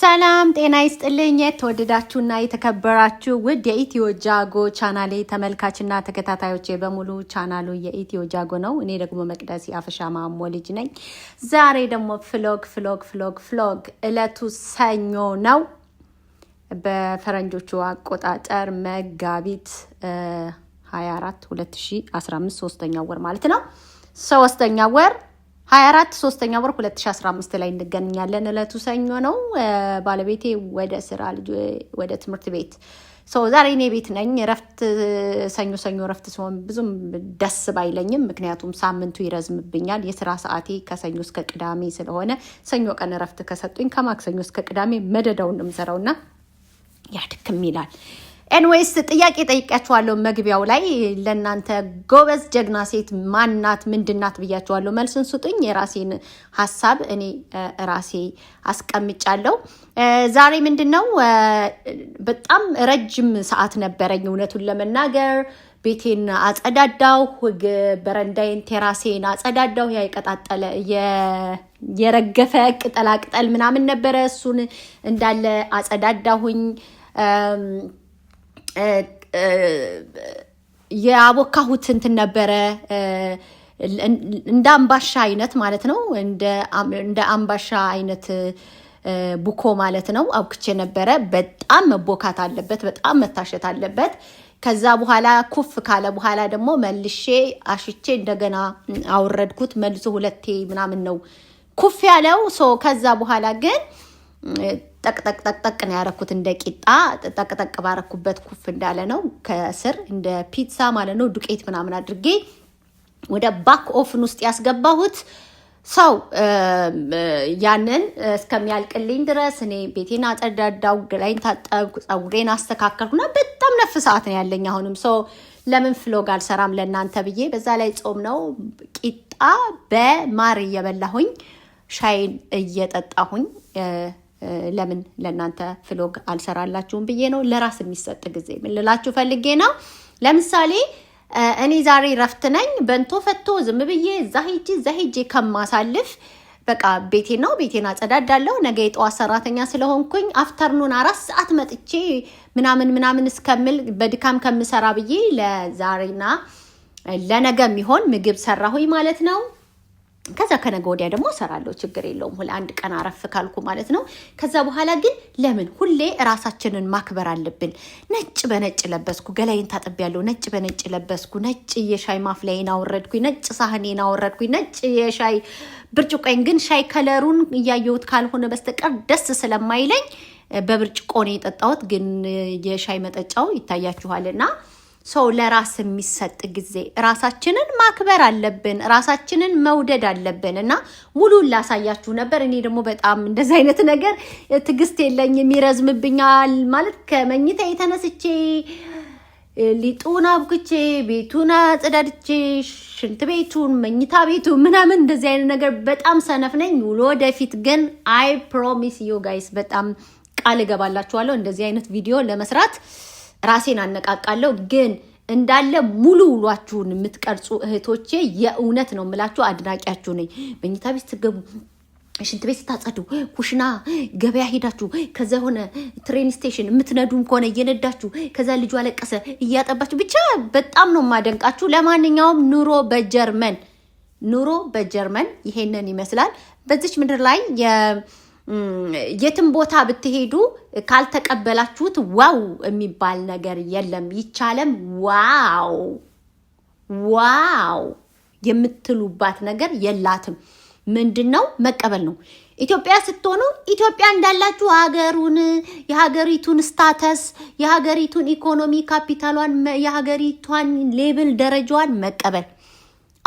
ሰላም ጤና ይስጥልኝ። የተወደዳችሁና የተከበራችሁ ውድ የኢትዮ ጃጎ ቻናሌ ተመልካችና ተከታታዮች በሙሉ ቻናሉ የኢትዮ ጃጎ ነው። እኔ ደግሞ መቅደስ የአፈሻ ማሞ ልጅ ነኝ። ዛሬ ደግሞ ፍሎግ ፍሎግ ፍሎግ ፍሎግ እለቱ ሰኞ ነው። በፈረንጆቹ አቆጣጠር መጋቢት 24 2015 ሶስተኛ ወር ማለት ነው ሶስተኛ ወር 24 ሶስተኛ ወር 2015 ላይ እንገናኛለን። እለቱ ሰኞ ነው። ባለቤቴ ወደ ስራ፣ ልጅ ወደ ትምህርት ቤት። ሰው ዛሬ እኔ ቤት ነኝ። እረፍት ሰኞ ሰኞ እረፍት ሲሆን ብዙም ደስ ባይለኝም፣ ምክንያቱም ሳምንቱ ይረዝምብኛል። የስራ ሰዓቴ ከሰኞ እስከ ቅዳሜ ስለሆነ ሰኞ ቀን እረፍት ከሰጡኝ ከማክሰኞ እስከ ቅዳሜ መደዳውን ነው ያድክም ይላል። ኤንዌይስ ጥያቄ ጠይቄያችኋለሁ። መግቢያው ላይ ለእናንተ ጎበዝ ጀግና ሴት ማናት ምንድናት ብያችኋለሁ። መልስን ስጡኝ። የራሴን ሀሳብ እኔ ራሴ አስቀምጫለሁ። ዛሬ ምንድን ነው በጣም ረጅም ሰዓት ነበረኝ እውነቱን ለመናገር ቤቴን አጸዳዳው፣ በረንዳይን ቴራሴን አጸዳዳው። ያ የቀጣጠለ የረገፈ ቅጠላቅጠል ምናምን ነበረ፣ እሱን እንዳለ አጸዳዳሁኝ። የአቦካሁት እንትን ነበረ እንደ አምባሻ አይነት ማለት ነው። እንደ አምባሻ አይነት ቡኮ ማለት ነው። አብክቼ ነበረ። በጣም መቦካት አለበት፣ በጣም መታሸት አለበት። ከዛ በኋላ ኩፍ ካለ በኋላ ደግሞ መልሼ አሽቼ እንደገና አወረድኩት። መልሶ ሁለቴ ምናምን ነው ኩፍ ያለው። ከዛ በኋላ ግን ጠቅጠቅጠቅጠቅ ነው ያረኩት። እንደ ቂጣ ጠቅጠቅ ባረኩበት ኩፍ እንዳለ ነው። ከስር እንደ ፒትሳ ማለት ነው ዱቄት ምናምን አድርጌ ወደ ባክ ኦፍን ውስጥ ያስገባሁት ሰው ያንን እስከሚያልቅልኝ ድረስ እኔ ቤቴን አጸዳዳው፣ ገላይን ታጠብኩ፣ ፀጉሬን አስተካከልኩና በጣም ነፍ ሰዓት ነው ያለኝ። አሁንም ሰው ለምን ፍሎግ አልሰራም ለእናንተ ብዬ በዛ ላይ ጾም ነው ቂጣ በማር እየበላሁኝ ሻይን እየጠጣሁኝ ለምን ለእናንተ ፍሎግ አልሰራላችሁም ብዬ ነው። ለራስ የሚሰጥ ጊዜ ምን ልላችሁ ፈልጌ ነው። ለምሳሌ እኔ ዛሬ ረፍት ነኝ። በንቶ ፈቶ ዝም ብዬ እዛ ሄጄ እዛ ሄጄ ከማሳልፍ በቃ ቤቴ ነው ቤቴን አጸዳዳለሁ። ነገ የጠዋት ሰራተኛ ስለሆንኩኝ አፍተርኑን አራት ሰዓት መጥቼ ምናምን ምናምን እስከምል በድካም ከምሰራ ብዬ ለዛሬና ለነገ የሚሆን ምግብ ሰራሁኝ ማለት ነው። ከዛ ከነገ ወዲያ ደግሞ እሰራለሁ፣ ችግር የለውም። ሁሌ አንድ ቀን አረፍ ካልኩ ማለት ነው። ከዛ በኋላ ግን ለምን ሁሌ ራሳችንን ማክበር አለብን። ነጭ በነጭ ለበስኩ፣ ገላይን ያለው ነጭ በነጭ ለበስኩ፣ ነጭ የሻይ ማፍላዬን አወረድኩኝ፣ ነጭ ሳህኔን አወረድኩኝ፣ ነጭ የሻይ ብርጭቆኝ። ግን ሻይ ከለሩን እያየሁት ካልሆነ በስተቀር ደስ ስለማይለኝ በብርጭቆ ነው የጠጣሁት። ግን የሻይ መጠጫው ይታያችኋልና ሰው ለራስ የሚሰጥ ጊዜ ራሳችንን ማክበር አለብን፣ ራሳችንን መውደድ አለብን እና ሙሉን ላሳያችሁ ነበር። እኔ ደግሞ በጣም እንደዚህ አይነት ነገር ትግስት የለኝም፣ ይረዝምብኛል። ማለት ከመኝታ የተነስቼ ሊጡን አብኩቼ ቤቱን አጽዳድቼ ሽንት ቤቱን መኝታ ቤቱ ምናምን እንደዚህ አይነት ነገር በጣም ሰነፍ ነኝ። ውሎ ወደፊት ግን አይ ፕሮሚስ ዩ ጋይስ በጣም ቃል እገባላችኋለሁ እንደዚህ አይነት ቪዲዮ ለመስራት ራሴን አነቃቃለሁ። ግን እንዳለ ሙሉ ውሏችሁን የምትቀርጹ እህቶቼ የእውነት ነው የምላችሁ፣ አድናቂያችሁ ነኝ። መኝታ ቤት ስትገቡ ሽንት ቤት ስታጸዱ፣ ኩሽና፣ ገበያ ሄዳችሁ ከዛ የሆነ ትሬን ስቴሽን የምትነዱም ከሆነ እየነዳችሁ ከዛ ልጁ አለቀሰ እያጠባችሁ፣ ብቻ በጣም ነው የማደንቃችሁ። ለማንኛውም ኑሮ በጀርመን ኑሮ በጀርመን ይሄንን ይመስላል። በዚች ምድር ላይ የትም ቦታ ብትሄዱ ካልተቀበላችሁት ዋው የሚባል ነገር የለም። ይቻለም ዋው ዋው የምትሉባት ነገር የላትም። ምንድን ነው መቀበል ነው። ኢትዮጵያ ስትሆኑ ኢትዮጵያ እንዳላችሁ ሀገሩን የሀገሪቱን ስታተስ የሀገሪቱን ኢኮኖሚ ካፒታሏን የሀገሪቷን ሌብል ደረጃዋን መቀበል፣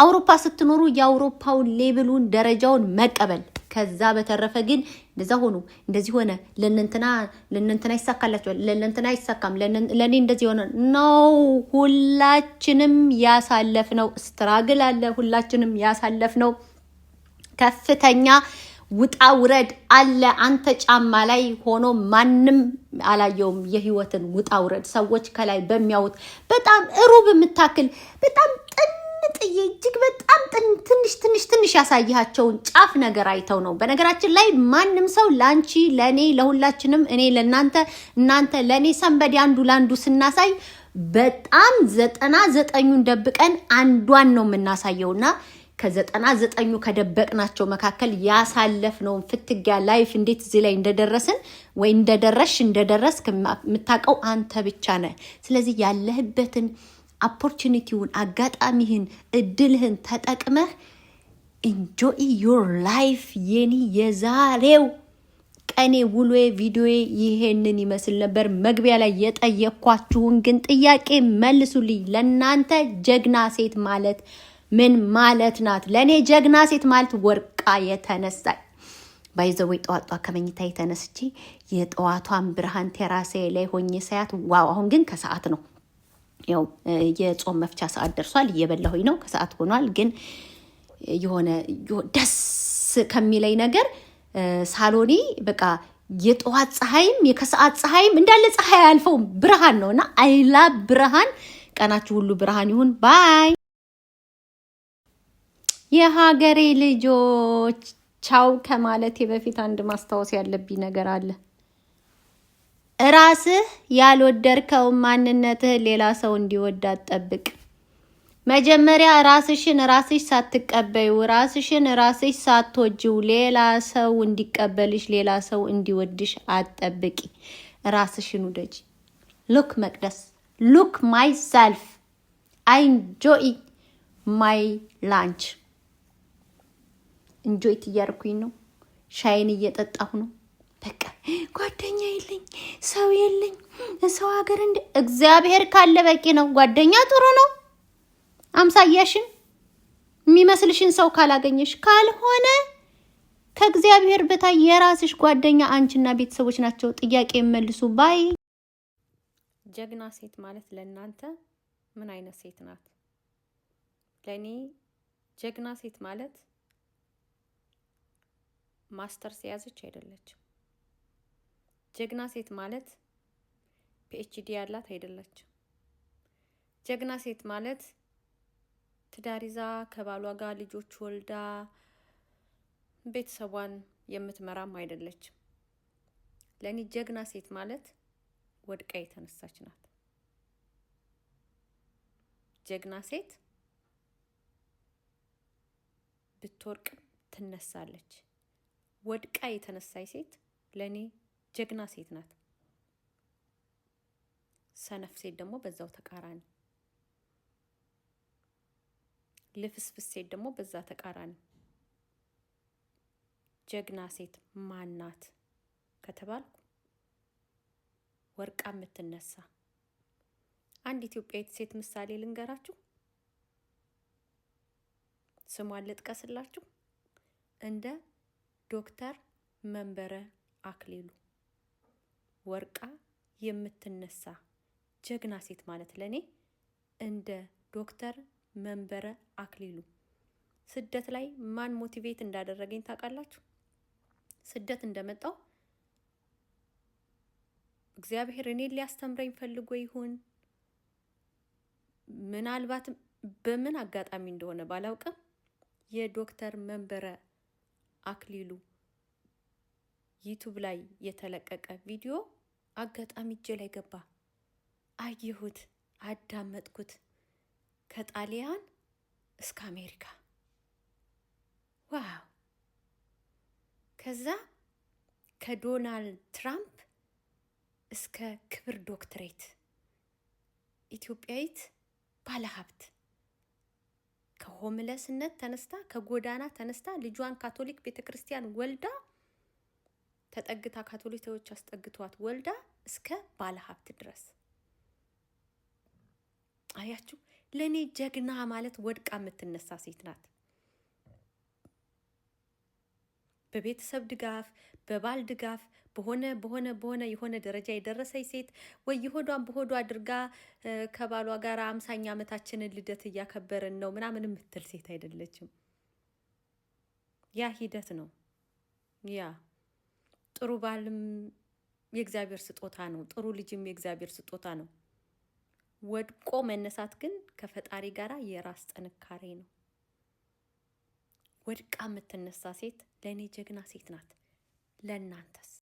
አውሮፓ ስትኖሩ የአውሮፓውን ሌብሉን ደረጃውን መቀበል ከዛ በተረፈ ግን እንደዛ ሆኑ እንደዚህ ሆነ ለእነንትና ለእነንትና ይሳካላቸዋል ለእነንትና አይሳካም ለእኔ እንደዚህ ሆነ ነው። ሁላችንም ያሳለፍነው ስትራግል አለ። ሁላችንም ያሳለፍነው ከፍተኛ ውጣ ውረድ አለ። አንተ ጫማ ላይ ሆኖ ማንም አላየውም የህይወትን ውጣ ውረድ። ሰዎች ከላይ በሚያዩት በጣም ሩብ የምታክል በጣም ጥን ጥዬ እጅግ በጣም ትንሽ ትንሽ ትንሽ ያሳይሃቸውን ጫፍ ነገር አይተው ነው። በነገራችን ላይ ማንም ሰው ለአንቺ፣ ለእኔ፣ ለሁላችንም እኔ ለእናንተ፣ እናንተ ለእኔ ሰንበዴ አንዱ ለአንዱ ስናሳይ በጣም ዘጠና ዘጠኙን ደብቀን አንዷን ነው የምናሳየውና ከዘጠና ዘጠኙ ከደበቅናቸው መካከል ያሳለፍነውን ፍትጊያ ላይፍ እንዴት እዚህ ላይ እንደደረስን ወይ እንደደረሽ እንደደረስክ የምታውቀው አንተ ብቻ ነህ። ስለዚህ ያለህበትን አፖርቹኒቲውን፣ አጋጣሚህን፣ እድልህን ተጠቅመህ ኢንጆይ ዮር ላይፍ። የኔ የዛሬው ቀኔ ውሎዬ ቪዲዮዬ ይሄንን ይመስል ነበር። መግቢያ ላይ የጠየኳችሁን ግን ጥያቄ መልሱልኝ። ለእናንተ ጀግና ሴት ማለት ምን ማለት ናት? ለእኔ ጀግና ሴት ማለት ወርቃ የተነሳ ባይዘወይ ጠዋጧ ከመኝታ የተነስቼ የጠዋቷን ብርሃን ቴራሴ ላይ ሆኜ ሳያት ዋው! አሁን ግን ከሰዓት ነው ያው የጾም መፍቻ ሰዓት ደርሷል። እየበላሁኝ ነው። ከሰዓት ሆኗል። ግን የሆነ ደስ ከሚለኝ ነገር ሳሎኔ በቃ የጠዋት ፀሐይም የከሰዓት ፀሐይም እንዳለ ፀሐይ አያልፈውም። ብርሃን ነው እና አይላ ብርሃን ቀናችሁ ሁሉ ብርሃን ይሁን ባይ የሀገሬ ልጆች ቻው ከማለቴ በፊት አንድ ማስታወስ ያለብኝ ነገር አለ። ራስህ ያልወደድከውን ማንነትህ ሌላ ሰው እንዲወድ አትጠብቅ። መጀመሪያ ራስሽን ራስሽ ሳትቀበዩ ራስሽን ራስሽ ሳትወጅው ሌላ ሰው እንዲቀበልሽ ሌላ ሰው እንዲወድሽ አትጠብቂ። ራስሽን ውደጂ። ሉክ መቅደስ ሉክ ማይ ሰልፍ አይ እንጆይ ማይ ላንች እንጆይ እያርኩኝ ነው። ሻይን እየጠጣሁ ነው። በቃ ጓደኛ የለኝ፣ ሰው የለኝ፣ ሰው ሀገር እንደ እግዚአብሔር ካለ በቂ ነው። ጓደኛ ጥሩ ነው። አምሳያሽን የሚመስልሽን ሰው ካላገኘሽ ካልሆነ ከእግዚአብሔር በታይ የራስሽ ጓደኛ አንቺና ቤተሰቦች ናቸው። ጥያቄ መልሱ ባይ ጀግና ሴት ማለት ለእናንተ ምን አይነት ሴት ናት? ለእኔ ጀግና ሴት ማለት ማስተርስ የያዘች አይደለችም። ጀግና ሴት ማለት ፒኤችዲ ያላት አይደለች። ጀግና ሴት ማለት ትዳር ይዛ ከባሏ ጋር ልጆች ወልዳ ቤተሰቧን የምትመራም አይደለች ለእኔ ጀግና ሴት ማለት ወድቃ የተነሳች ናት። ጀግና ሴት ብትወርቅም ትነሳለች። ወድቃ የተነሳች ሴት ለእኔ ጀግና ሴት ናት። ሰነፍ ሴት ደግሞ በዛው ተቃራኒ፣ ልፍስፍስ ሴት ደግሞ በዛ ተቃራኒ። ጀግና ሴት ማናት ከተባልኩ ወርቃ የምትነሳ አንድ ኢትዮጵያዊት ሴት ምሳሌ ልንገራችሁ። ስሟን ልጥቀስላችሁ። እንደ ዶክተር መንበረ አክሊሉ ወርቃ የምትነሳ ጀግና ሴት ማለት ለእኔ እንደ ዶክተር መንበረ አክሊሉ ስደት ላይ ማን ሞቲቬት እንዳደረገኝ ታውቃላችሁ? ስደት እንደመጣው እግዚአብሔር እኔን ሊያስተምረኝ ፈልጎ ይሁን ምናልባትም በምን አጋጣሚ እንደሆነ ባላውቅም የዶክተር መንበረ አክሊሉ ዩቱብ ላይ የተለቀቀ ቪዲዮ አጋጣሚ እጄ ላይ ገባ። አየሁት፣ አዳመጥኩት። ከጣሊያን እስከ አሜሪካ ዋው! ከዛ ከዶናልድ ትራምፕ እስከ ክብር ዶክትሬት ኢትዮጵያዊት ባለሀብት ከሆምለስነት ተነስታ ከጎዳና ተነስታ ልጇን ካቶሊክ ቤተ ክርስቲያን ወልዳ ተጠግታ ካቶሊካዎች አስጠግቷት ወልዳ እስከ ባለሀብት ድረስ አያችሁ። ለእኔ ጀግና ማለት ወድቃ የምትነሳ ሴት ናት። በቤተሰብ ድጋፍ፣ በባል ድጋፍ በሆነ በሆነ በሆነ የሆነ ደረጃ የደረሰች ሴት ወይ የሆዷን በሆዷ አድርጋ ከባሏ ጋር አምሳኛ ዓመታችንን ልደት እያከበርን ነው ምናምን የምትል ሴት አይደለችም። ያ ሂደት ነው ያ ጥሩ ባልም የእግዚአብሔር ስጦታ ነው። ጥሩ ልጅም የእግዚአብሔር ስጦታ ነው። ወድቆ መነሳት ግን ከፈጣሪ ጋር የራስ ጥንካሬ ነው። ወድቃ የምትነሳ ሴት ለእኔ ጀግና ሴት ናት። ለእናንተስ?